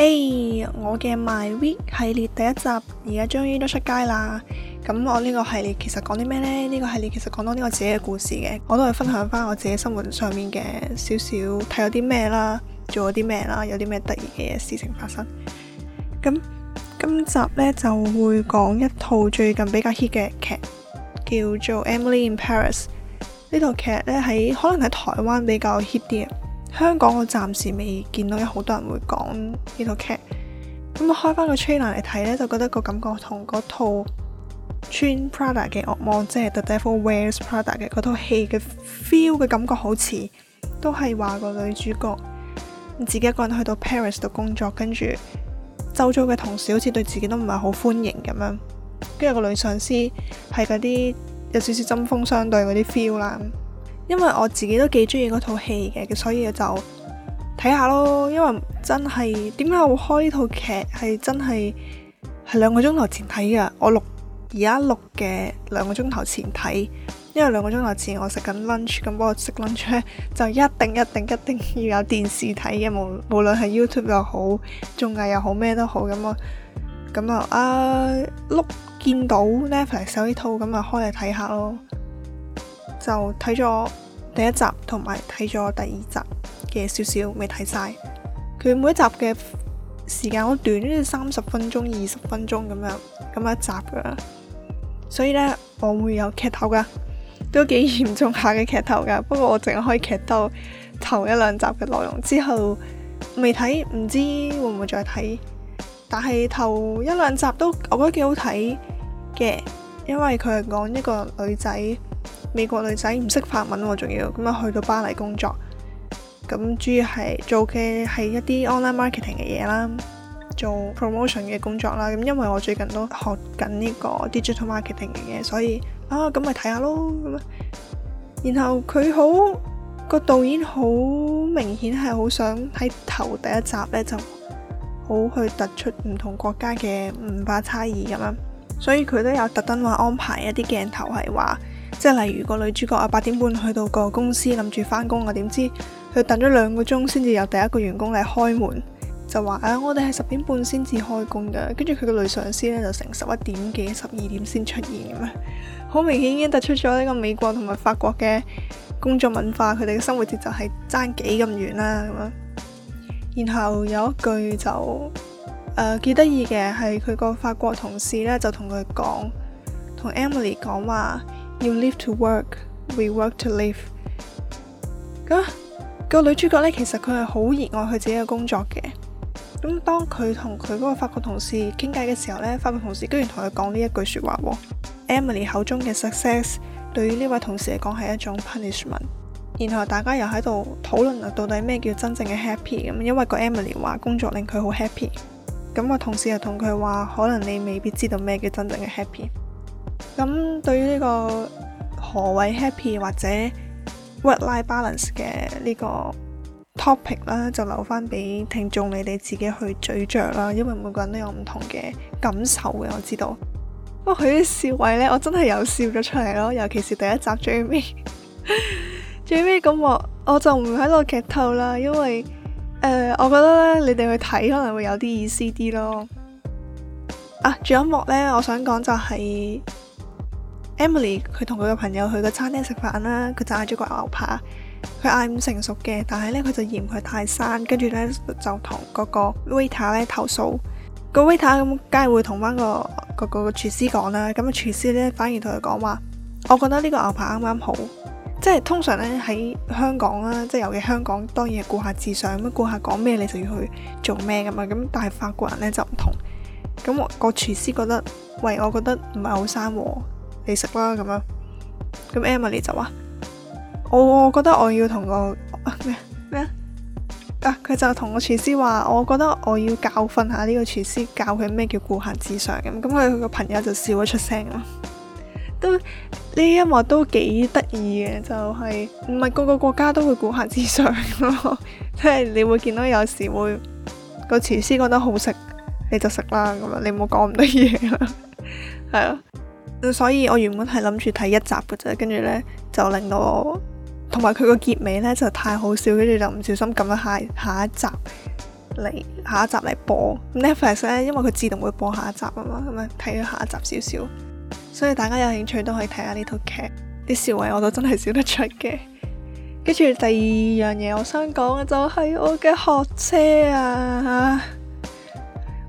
誒，hey, 我嘅 My Week 系列第一集，而家終於都出街啦。咁我呢個系列其實講啲咩呢？呢、呢個系列其實講到呢個自己嘅故事嘅，我都係分享翻我自己生活上面嘅少少睇咗啲咩啦，做咗啲咩啦，有啲咩得意嘅事情發生。咁今集呢，就會講一套最近比較 hit 嘅劇，叫做 Emily in Paris。呢套劇呢，喺可能喺台灣比較 hit 啲。香港我暫時未見到有好多人會講呢套劇，咁、嗯、開翻個 trailer 嚟睇呢，就覺得個感覺同嗰套穿 Prada 嘅惡魔，即係 The Devil Wears Prada 嘅嗰套戲嘅 feel 嘅感覺好似，都係話個女主角自己一個人去到 Paris 度工作，跟住周遭嘅同事好似對自己都唔係好歡迎咁樣，跟住個女上司係嗰啲有少少針鋒相對嗰啲 feel 啦。因為我自己都幾中意嗰套戲嘅，所以就睇下咯。因為真係點解我開呢套劇係真係係兩個鐘頭前睇嘅，我錄而家錄嘅兩個鐘頭前睇。因為兩個鐘頭前我食緊 lunch，咁我食 lunch 就一定一定一定要有電視睇嘅，無無論係 YouTube 又好，綜藝又好咩都好。咁我咁啊啊，碌、呃、見到 Netflix 收呢套，咁啊開嚟睇下咯。就睇咗第一集，同埋睇咗第二集嘅少少，未睇晒。佢每一集嘅時間好短，好似三十分鐘、二十分鐘咁樣，咁一集噶。所以呢，我會有劇透噶，都幾嚴重下嘅劇透噶。不過我淨係可以劇透頭一兩集嘅內容，之後未睇，唔知會唔會再睇。但係頭一兩集都我覺得幾好睇嘅，因為佢係講一個女仔。美國女仔唔識法文喎，仲要咁啊，去到巴黎工作，咁主要係做嘅係一啲 online marketing 嘅嘢啦，做 promotion 嘅工作啦。咁因為我最近都學緊呢個 digital marketing 嘅嘢，所以啊，咁咪睇下咯。咁然後佢好個導演好明顯係好想喺頭第一集呢就好去突出唔同國家嘅文化差異咁樣，所以佢都有特登話安排一啲鏡頭係話。即係例如個女主角啊，八點半去到個公司，諗住返工啊，點知佢等咗兩個鐘先至有第一個員工嚟開門，就話啊，我哋係十點半先至開工噶。跟住佢個女上司咧就成十一點幾、十二點先出現咁樣，好明顯已經突出咗呢個美國同埋法國嘅工作文化，佢哋嘅生活節奏係爭幾咁遠啦咁樣。然後有一句就誒幾得意嘅係佢個法國同事咧就同佢講，同 Emily 講話。要 You live to work，we work to live。咁個女主角呢，其實佢係好熱愛佢自己嘅工作嘅。咁當佢同佢嗰個法國同事傾偈嘅時候呢，法國同事居然同佢講呢一句説話、哦、Emily 口中嘅 success 對於呢位同事嚟講係一種 punishment。然後大家又喺度討論啊，到底咩叫真正嘅 happy 咁？因為個 Emily 話工作令佢好 happy。咁個同事又同佢話，可能你未必知道咩叫真正嘅 happy。咁、嗯、對於呢個何謂 happy 或者 work-life balance 嘅呢個 topic 啦，就留翻俾聽眾你哋自己去咀嚼啦，因為每個人都有唔同嘅感受嘅，我知道。不過佢啲笑位呢，我真係有笑咗出嚟咯，尤其是第一集最尾。 最尾咁幕，我就唔喺度劇透啦，因為誒、呃，我覺得咧你哋去睇可能會有啲意思啲咯。啊，仲有一幕呢，我想講就係、是。Emily 佢同佢嘅朋友去個餐廳食飯啦。佢就嗌咗個牛扒，佢嗌五成熟嘅，但係咧佢就嫌佢太生，呢跟住咧就同嗰個 waiter 咧投訴。個 waiter 咁梗係會同翻、個、個、個廚師講啦。咁啊，廚師咧反而同佢講話，我覺得呢個牛扒啱啱好，即係通常咧喺香港啦，即係尤其香港當然係顧客至上咁，顧客講咩你就要去做咩咁嘛。咁但係法國人咧就唔同，咁個廚師覺得喂，我覺得唔係好生喎。你食啦咁樣，咁 Emily 就話：我我覺得我要同個咩咩啊，佢就同個廚師話：我覺得我要教訓下呢個廚師，教佢咩叫顧客至上咁。咁佢佢個朋友就笑咗出聲啊。都呢一幕都幾得意嘅，就係唔係個個國家都會顧客至上咯。即 係你會見到有時會、個廚師覺得好食，你就食啦咁樣，你唔好講唔得嘢 啊。係啊。所以我原本係諗住睇一集嘅啫，跟住呢就令到我同埋佢個結尾呢就太好笑，跟住就唔小心撳咗下下一集嚟，下一集嚟播。Netflix 呢，因為佢自動會播下一集啊嘛，咁啊睇咗下一集少少，所以大家有興趣都可以睇下呢套劇。啲笑位我都真係笑得出嘅。跟住第二樣嘢我想講嘅就係我嘅學車啊！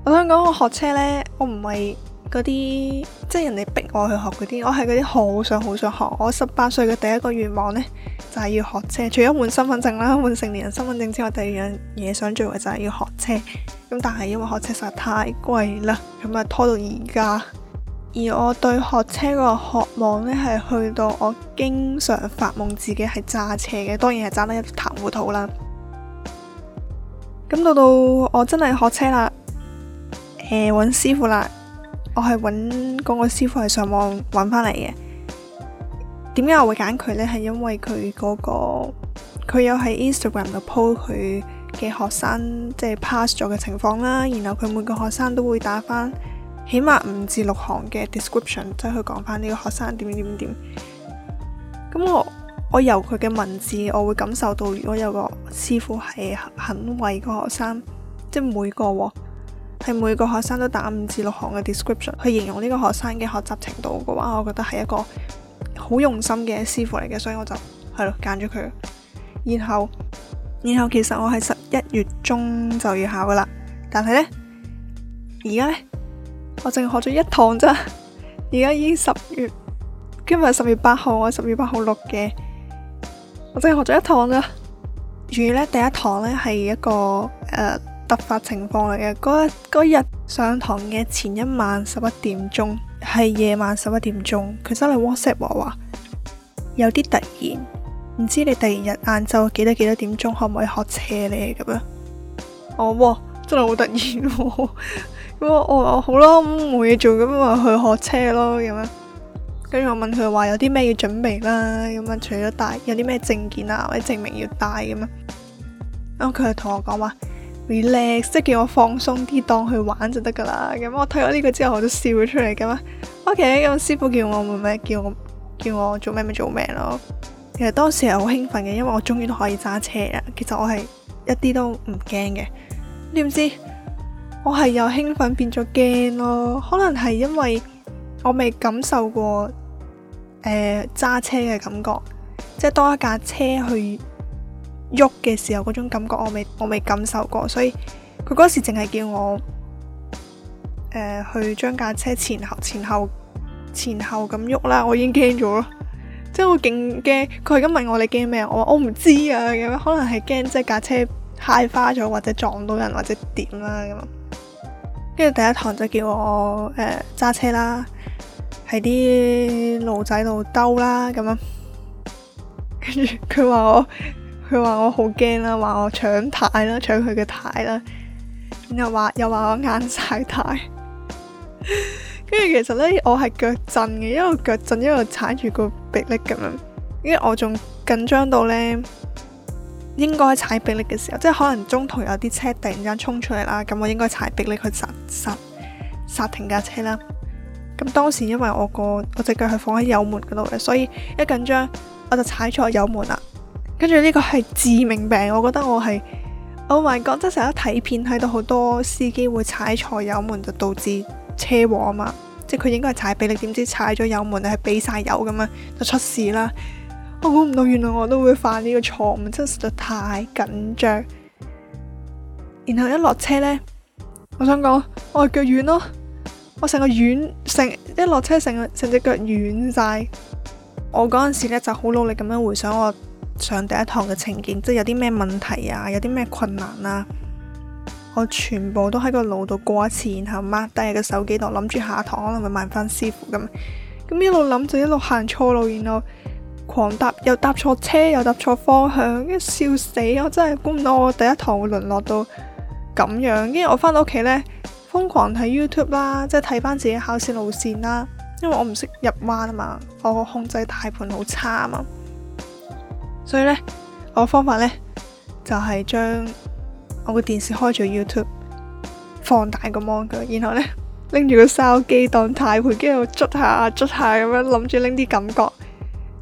我想講我學車呢，我唔係。嗰啲即係人哋逼我去學嗰啲，我係嗰啲好想好想學。我十八歲嘅第一個願望呢，就係要學車。除咗換身份證啦，換成年人身份證之外，第二樣嘢想做嘅就係要學車。咁但係因為學車實在太貴啦，咁啊拖到而家。而我對學車個渴望呢，係去到我經常發夢自己係揸車嘅，當然係揸得一塌糊塗啦。咁到到我真係學車啦，誒、欸、搵師傅啦。我係揾嗰個師傅係上網揾翻嚟嘅，點解我會揀佢呢？係因為佢嗰個，佢有喺 Instagram 度 po 佢嘅學生即係 pass 咗嘅情況啦，然後佢每個學生都會打翻起碼五至六行嘅 description，即係佢講翻呢個學生點點點點。咁我我由佢嘅文字，我會感受到如果有個師傅係肯為個學生，即係每個喎。係每個學生都打五至六行嘅 description 去形容呢個學生嘅學習程度嘅話，我覺得係一個好用心嘅師傅嚟嘅，所以我就係咯揀咗佢。然後，然後其實我係十一月中就要考噶啦，但係呢，而家呢，我淨學咗一堂啫。而家已經十月，今日係十月八號，我十月八號錄嘅，我淨係學咗一堂啫。而呢第一堂呢，係一個誒。呃突發情況嚟嘅，嗰一嗰日上堂嘅前一晚十一點鐘，係夜晚十一點鐘，佢真係 WhatsApp 我話 Wh 有啲突然，唔知你第二日晏晝幾多幾多點鐘可唔可以學車咧咁樣？哦，真係好突然喎，哦！咁、 嗯、我我好啦，冇、嗯、嘢做咁咪去學車咯咁樣。跟住我問佢話有啲咩要準備啦，咁樣除咗帶，有啲咩證件啊或者證明要帶咁樣。咁、嗯、佢就同我講話。Relax，即係叫我放鬆啲，當去玩就得噶啦。咁我睇咗呢個之後，我都笑咗出嚟噶嘛。O K，咁師傅叫我做咩，叫我叫我，叫我做咩咪做咩咯。其實當時係好興奮嘅，因為我終於都可以揸車啦。其實我係一啲都唔驚嘅，點知我係由興奮變咗驚咯？可能係因為我未感受過誒揸車嘅感覺，即係當一架車去。喐嘅時候嗰種感覺，我未我未感受過，所以佢嗰時淨係叫我誒、呃、去將架車前後前後前後咁喐啦，我已經驚咗咯，即係我勁驚。佢咁問我，你驚咩？我我話我唔知啊，咁樣可能係驚即係架車揩花咗，或者撞到人或者點啦咁。跟住第一堂就叫我誒揸、呃、車啦，喺啲路仔度兜啦咁樣。跟住佢話我。佢話我好驚啦，話我搶軚啦，搶佢嘅軚啦，又話又話我硬晒軚。跟 住其實咧，我係腳震嘅，因為腳震一路踩住個逼力咁樣，因為我仲緊張到咧，應該踩逼力嘅時候，即係可能中途有啲車突然間衝出嚟啦，咁我應該踩逼力去剎剎剎停架車啦。咁當時因為我個我隻腳係放喺油門嗰度嘅，所以一緊張我就踩錯油門啦。跟住呢個係致命病，我覺得我係，我唔係講真成日睇片睇到好多司機會踩錯油門，就導致車禍啊嘛！即係佢應該係踩逼力，點知踩咗油門，你係俾晒油咁樣，就出事啦！我估唔到原來我都會犯呢個錯誤，真係實在太緊張。然後一落車呢，我想講我腳軟咯，我成個軟成一落車成成隻腳軟晒。我嗰陣時呢就好努力咁樣回想我。上第一堂嘅情景，即係有啲咩問題啊，有啲咩困難啊，我全部都喺個腦度過一次，然後掹低個手機度諗住下一堂可能會問翻師傅咁，咁一路諗就一路行錯路，然後狂搭又搭錯車又搭錯方向，一笑死！我真係估唔到我第一堂會淪落到咁樣，跟住我翻到屋企呢，瘋狂睇 YouTube 啦，即係睇翻自己考試路線啦，因為我唔識入彎啊嘛，我控制軚盤好差啊嘛。所以咧，我方法咧就係、是、將我個電視開咗 YouTube，放大個 mon 佢，然後咧拎住個筲箕當軚盤，跟住我捽下捽下咁樣，諗住拎啲感覺。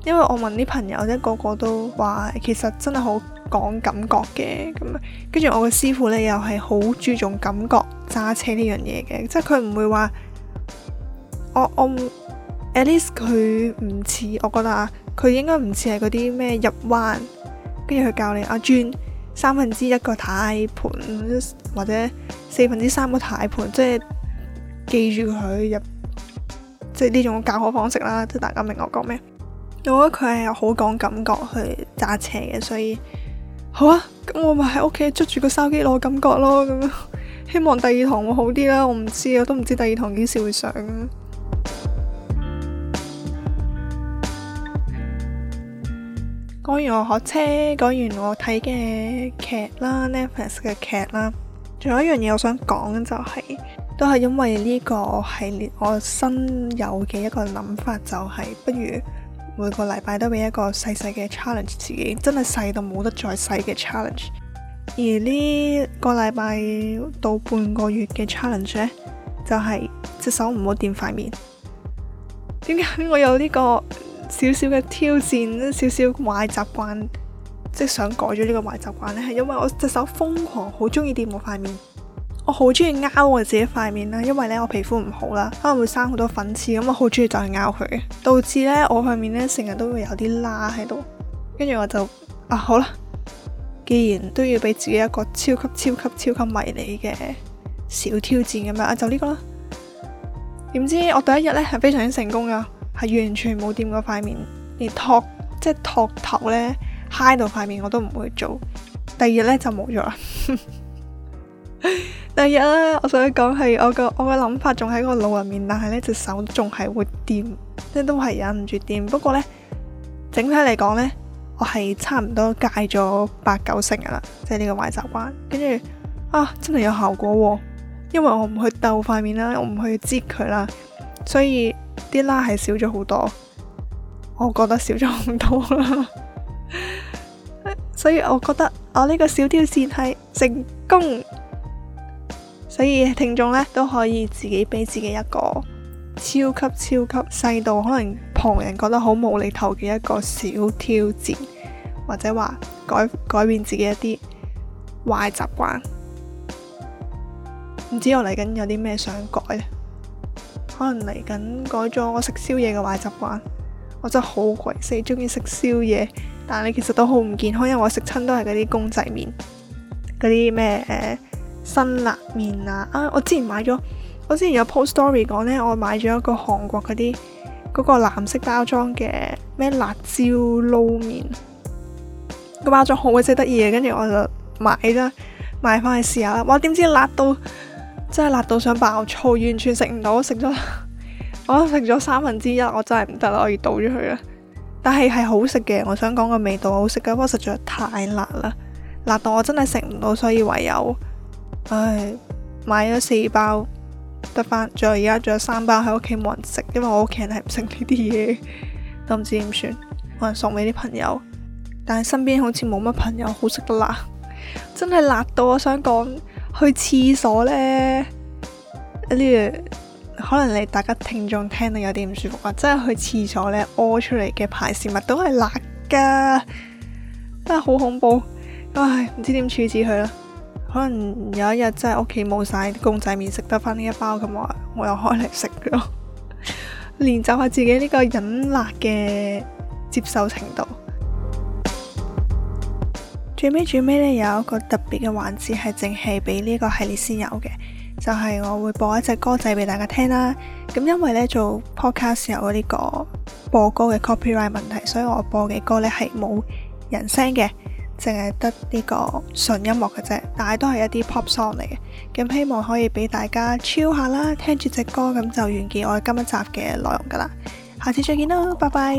因為我問啲朋友咧，個個都話其實真係好講感覺嘅，咁跟住我嘅師傅咧又係好注重感覺揸車呢樣嘢嘅，即係佢唔會話我我 at least 佢唔似我覺得啊。佢應該唔似係嗰啲咩入彎，跟住佢教你啊轉三分之一個軚盤，或者四分之三個軚盤，即係記住佢入，即係呢種教學方式啦。即係大家明我講咩？我覺得佢係好講感覺去揸車嘅，所以好啊。咁我咪喺屋企捉住個手機攞感覺咯。咁樣，希望第二堂會好啲啦。我唔知，我都唔知第二堂幾時會上。講完我學車，講完我睇嘅劇啦，Netflix 嘅劇啦，仲有一樣嘢我想講就係，都係因為呢個系列我新有嘅一個諗法就係，不如每個禮拜都俾一個細細嘅 challenge 自己，真係細到冇得再細嘅 challenge。而呢個禮拜到半個月嘅 challenge 呢，就係隻手唔好掂塊面。點解我有呢個？少少嘅挑戰，少少壞習慣，即係想改咗呢個壞習慣呢，係因為我隻手瘋狂好中意掂我塊面，我好中意勾我自己塊面啦，因為呢我皮膚唔好啦，可能會生好多粉刺，咁我好中意就去勾佢，導致呢我塊面呢成日都會有啲瘌喺度，跟住我就啊好啦，既然都要俾自己一個超級超級超級迷你嘅小挑戰咁樣啊，就呢個啦，點知我第一日呢係非常之成功噶。係完全冇掂嗰塊面，連托即係托頭咧，揩到塊面我都唔會做。第二日咧就冇咗啦。 第二日咧，我想講係我個我嘅諗法仲喺個腦入面，但係咧隻手仲係會掂，即係都係忍唔住掂。不過咧，整體嚟講咧，我係差唔多戒咗八九成噶啦，即係呢個壞習慣。跟住啊，真係有效果喎、啊，因為我唔去鬥塊面啦，我唔去擠佢啦，所以。啲啦，係少咗好多，我覺得少咗好多啦， 所以我覺得我呢個小挑戰係成功，所以聽眾呢，都可以自己俾自己一個超級超級細到可能旁人覺得好無厘頭嘅一個小挑戰，或者話改改變自己一啲壞習慣，唔知我嚟緊有啲咩想改咧？可能嚟緊改咗我食宵夜嘅壞習慣，我真係好鬼死中意食宵夜，但係你其實都好唔健康，因為我食親都係嗰啲公仔麵，嗰啲咩誒辛辣麵啊！啊，我之前買咗，我之前有 post story 講呢，我買咗一個韓國嗰啲嗰個藍色包裝嘅咩辣椒撈麵，個包裝好鬼死得意嘅，跟住我就買啦，咗，買翻去試下啦。我點知辣到～真係辣到想爆粗，完全食唔到，食咗我食咗三分之一， 我, 3，我真係唔得啦，我要倒咗佢啦。但係係好食嘅，我想講個味道好食嘅，不過實在太辣啦，辣到我真係食唔到，所以唯有唉買咗四包得返，仲有而家仲有三包喺屋企冇人食，因為我屋企人係唔食呢啲嘢，都唔知點算，可能送俾啲朋友，但係身邊好似冇乜朋友好食得辣，真係辣到我想講。去廁所呢，呢啲可能你大家聽眾聽到有啲唔舒服啊！即係去廁所呢，屙出嚟嘅排泄物都係辣㗎，真係好恐怖！唉，唔知點處置佢啦。可能有一日真係屋企冇晒公仔麵，食得返呢一包咁，我我又開嚟食咯，練 習下自己呢個忍辣嘅接受程度。最尾最尾咧，有一個特別嘅環節，係淨係俾呢個系列先有嘅，就係我會播一隻歌仔俾大家聽啦。咁因為咧做 podcast 有呢個播歌嘅 copyright 問題，所以我播嘅歌咧係冇人聲嘅，淨係得呢個純音樂嘅啫。但係都係一啲 pop song 嚟嘅，咁希望可以俾大家 chill 下啦，聽住隻歌咁就完結我今日集嘅內容噶啦。下次再見啦，拜拜。